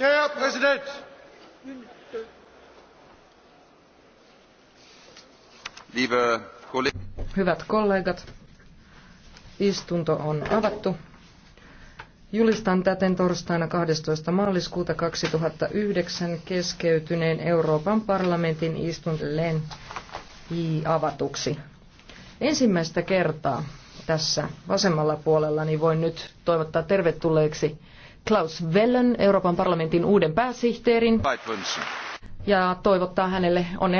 Herr Präsident! Hyvät kollegat, istunto on avattu. Julistan täten torstaina 12. maaliskuuta 2009 keskeytyneen Euroopan parlamentin istuntelleen avatuksi. Ensimmäistä kertaa tässä vasemmalla puolella niin voin nyt toivottaa tervetulleeksi Klaus Wellen, Euroopan parlamentin uuden pääsihteerin, ja toivottaa hänelle onnea